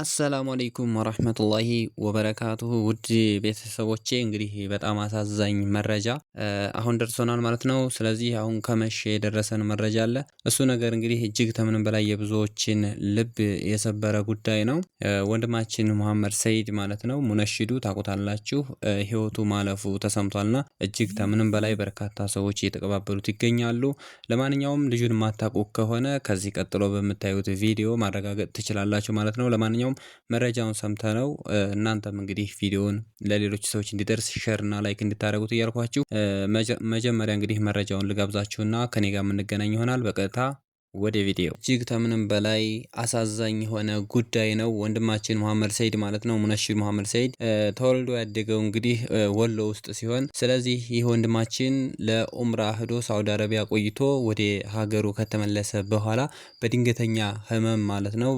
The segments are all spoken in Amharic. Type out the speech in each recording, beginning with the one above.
አሰላሙ አለይኩም ወረህመቱላሂ ወበረካቱሁ ውድ ቤተሰቦቼ እንግዲህ በጣም አሳዛኝ መረጃ አሁን ደርሶናል ማለት ነው። ስለዚህ አሁን ከመሸ የደረሰን መረጃ አለ። እሱ ነገር እንግዲህ እጅግ ከምንም በላይ የብዙዎችን ልብ የሰበረ ጉዳይ ነው። ወንድማችን ሙሐመድ ሰይድ ማለት ነው ሙነሽዱ ታቁታላችሁ ህይወቱ ማለፉ ተሰምቷልና እጅግ ከምንም በላይ በርካታ ሰዎች እየተቀባበሉት ይገኛሉ። ለማንኛውም ልጁን ማታቁ ከሆነ ከዚህ ቀጥሎ በምታዩት ቪዲዮ ማረጋገጥ ትችላላችሁ ማለት ነው። ለማንኛውም ለማንኛውም መረጃውን ነው። እናንተም እንግዲህ ቪዲዮውን ለሌሎች ሰዎች እንዲደርስ ሸርና ላይክ እንድታደርጉት እያልኳችሁ መጀመሪያ እንግዲህ መረጃውን ልጋብዛችሁና ከኔ ጋር የምንገናኝ ይሆናል። በቀጥታ ወደ ቪዲዮ እጅግ ከምንም በላይ አሳዛኝ የሆነ ጉዳይ ነው። ወንድማችን መሐመድ ሰይድ ማለት ነው ሙነሺድ መሐመድ ሰይድ ተወልዶ ያደገው እንግዲህ ወሎ ውስጥ ሲሆን ስለዚህ ይህ ወንድማችን ለኡምራ ህዶ ሳውዲ አረቢያ ቆይቶ ወደ ሀገሩ ከተመለሰ በኋላ በድንገተኛ ህመም ማለት ነው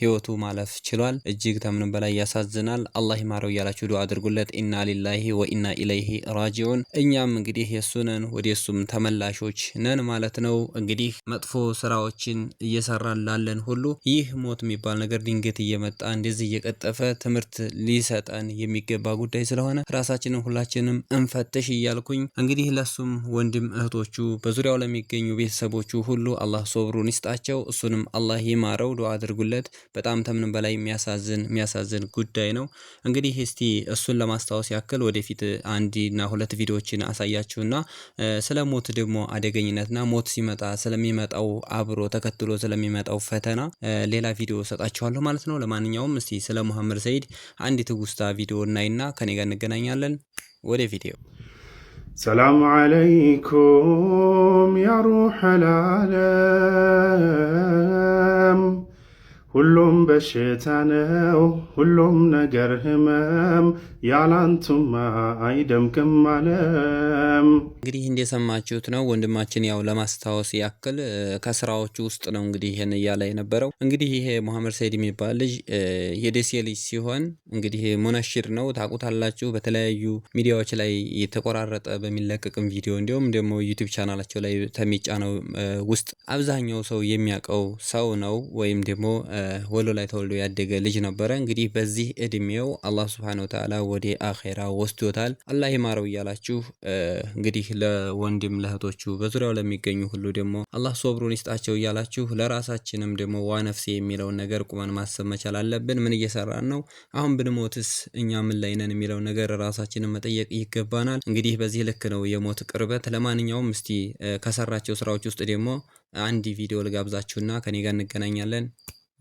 ህይወቱ ማለፍ ችሏል። እጅግ ከምንም በላይ ያሳዝናል። አላህ ይማረው እያላችሁ ዱ አድርጉለት። ኢና ሊላሂ ወኢና ኢለይሂ ራጂዑን። እኛም እንግዲህ የእሱ ነን ወደ እሱም ተመላሾች ነን ማለት ነው እንግዲህ መጥፎ ስራዎችን እየሰራን ላለን ሁሉ ይህ ሞት የሚባል ነገር ድንገት እየመጣ እንደዚህ እየቀጠፈ ትምህርት ሊሰጠን የሚገባ ጉዳይ ስለሆነ ራሳችንን ሁላችንም እንፈትሽ እያልኩኝ እንግዲህ ለሱም ወንድም እህቶቹ በዙሪያው ለሚገኙ ቤተሰቦቹ ሁሉ አላህ ሶብሩን ይስጣቸው፣ እሱንም አላህ ይማረው፣ ዱዓ አድርጉለት። በጣም ተምንም በላይ የሚያሳዝን የሚያሳዝን ጉዳይ ነው። እንግዲህ እስቲ እሱን ለማስታወስ ያክል ወደፊት አንድና ሁለት ቪዲዮዎችን አሳያችሁና ስለ ሞት ደግሞ አደገኝነትና ሞት ሲመጣ ስለሚመጣው አብሮ ተከትሎ ስለሚመጣው ፈተና ሌላ ቪዲዮ ሰጣችኋለሁ ማለት ነው። ለማንኛውም እስቲ ስለ ሙሐመድ ሰይድ አንድ ትውስታ ቪዲዮ እናይና ከኔ ጋር እንገናኛለን። ወደ ቪዲዮ። ሰላሙ አለይኩም ያ ሩሐል ዓለም ሁሉም በሽታ ነው፣ ሁሉም ነገር ህመም፣ ያላንቱማ አይደምቅም አለም። እንግዲህ እንደሰማችሁት ነው ወንድማችን ያው ለማስታወስ ያክል ከስራዎቹ ውስጥ ነው እንግዲህ ይህን እያለ የነበረው። እንግዲህ ይሄ ሙሐመድ ሰይድ የሚባል ልጅ የደሴ ልጅ ሲሆን እንግዲህ ሙነሽድ ነው ታውቁታላችሁ። በተለያዩ ሚዲያዎች ላይ የተቆራረጠ በሚለቀቅም ቪዲዮ እንዲሁም ደግሞ ዩቲብ ቻናላቸው ላይ ተሚጫ ውስጥ አብዛኛው ሰው የሚያውቀው ሰው ነው ወይም ደግሞ ወሎ ላይ ተወልዶ ያደገ ልጅ ነበረ። እንግዲህ በዚህ እድሜው አላህ ስብሐነሁ ወተዓላ ወደ አኼራ ወስዶታል። አላህ ይማረው እያላችሁ እንግዲህ ለወንድም ለእህቶቹ በዙሪያው ለሚገኙ ሁሉ ደግሞ አላህ ሶብሩን ይስጣቸው እያላችሁ ለራሳችንም ደግሞ ዋ ነፍሴ የሚለውን ነገር ቁመን ማሰብ መቻል አለብን። ምን እየሰራን ነው? አሁን ብንሞትስ እኛ ምን ላይ ነን ነገር ራሳችንን መጠየቅ ይገባናል። እንግዲህ በዚህ ልክ ነው የሞት ቅርበት። ለማንኛውም እስቲ ከሰራቸው ስራዎች ውስጥ ደግሞ አንድ ቪዲዮ ልጋብዛችሁና ከኔ ጋር እንገናኛለን።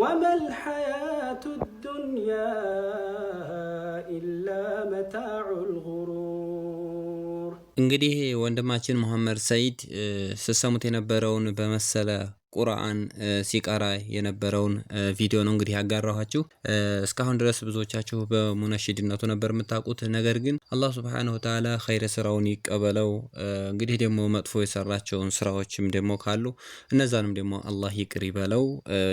ወመል ሐያቱ ዱንያ ኢላ መታዑል ጉሩር። እንግዲህ ወንድማችን ሙሐመድ ሰይድ ስሰሙት የነበረውን በመሰለ ቁርአን ሲቀራ የነበረውን ቪዲዮ ነው እንግዲህ ያጋራኋችሁ። እስካሁን ድረስ ብዙዎቻችሁ በሙነሽድነቱ ነበር የምታውቁት። ነገር ግን አላህ ስብሐነሁ ወተዓላ ኸይረ ስራውን ይቀበለው። እንግዲህ ደግሞ መጥፎ የሰራቸውን ስራዎችም ደግሞ ካሉ እነዛንም ደግሞ አላህ ይቅር ይበለው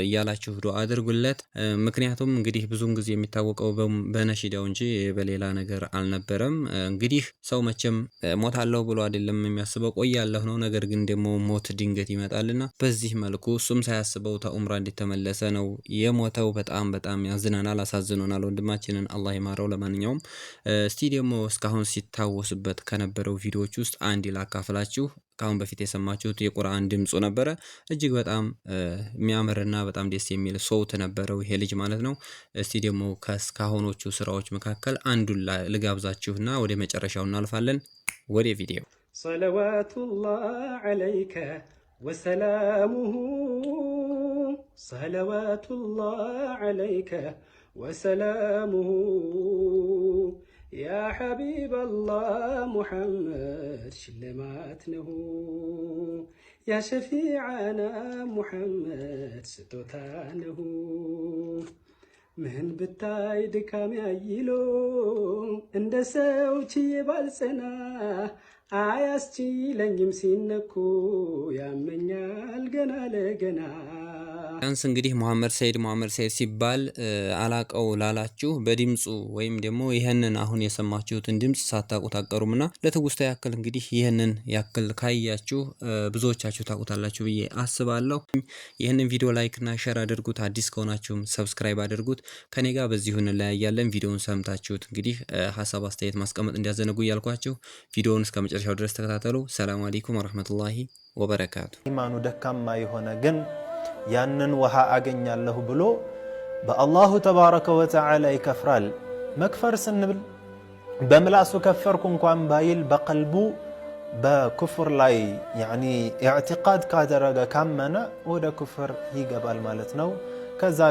እያላችሁ ዱዓ አድርጉለት። ምክንያቱም እንግዲህ ብዙውን ጊዜ የሚታወቀው በነሽዳው እንጂ በሌላ ነገር አልነበረም። እንግዲህ ሰው መቼም ሞታለሁ ብሎ አይደለም የሚያስበው ቆያለሁ ነው። ነገር ግን ደግሞ ሞት ድንገት ይመጣልና በዚህ መ መልኩ እሱም ሳያስበው ተኡምራ እንደተመለሰ ነው የሞተው። በጣም በጣም ያዝናናል፣ አሳዝኖናል ወንድማችንን አላህ ይማረው። ለማንኛውም እስቲ ደግሞ እስካሁን ሲታወስበት ከነበረው ቪዲዮዎች ውስጥ አንድ ላካፍላችሁ። ከአሁን በፊት የሰማችሁት የቁርአን ድምፁ ነበረ። እጅግ በጣም የሚያምርና በጣም ደስ የሚል ሶውት ነበረው ይሄ ልጅ ማለት ነው። እስቲ ደግሞ ከእስካሁኖቹ ስራዎች መካከል አንዱን ልጋብዛችሁና ወደ መጨረሻው እናልፋለን። ወደ ቪዲዮ ሰለዋቱላህ አለይከ وسلامه صلوات الله عليك وسلامه يا حبيب الله محمد شلماتنه يا شفيعنا محمد ستوتانه ምን ብታይ ድካም ያይሎ እንደ ሰው ችዬ ባልጸና አያስችለኝም ሲነኩ ያመኛል ገና ለገና ቢያንስ እንግዲህ መሐመድ ሰይድ መሐመድ ሰይድ ሲባል አላቀው ላላችሁ በድምፁ ወይም ደግሞ ይህንን አሁን የሰማችሁትን ድምፅ ሳታውቁ ና ለትውስታ ያክል እንግዲህ ይህንን ያክል ካያችሁ ብዙዎቻችሁ ታውቁታላችሁ ብዬ አስባለሁ። ይህንን ቪዲዮ ላይክና ሸር አድርጉት፣ አዲስ ከሆናችሁም ሰብስክራይብ አድርጉት። ከኔ ጋር በዚሁ እንለያያለን። ቪዲዮውን ሰምታችሁት እንግዲህ ሀሳብ አስተያየት ማስቀመጥ እንዲያዘነጉ እያልኳችሁ ቪዲዮውን እስከ መጨረሻው ድረስ ተከታተሉ። ሰላም አለይኩም ወረህመቱላሂ ወበረካቱ። ኢማኑ ደካማ የሆነ ግን ያንን ውሃ አገኛለሁ ብሎ በአላሁ ተባረከ ወተዓላ ይከፍራል። መክፈር ስንብል በምላሱ ከፈርኩ እንኳን ባይል በቀልቡ በኩፍር ላይ ያኒ ኢዕቲቃድ ካደረገ ካመነ ወደ ኩፍር ይገባል ማለት ነው። ከዛ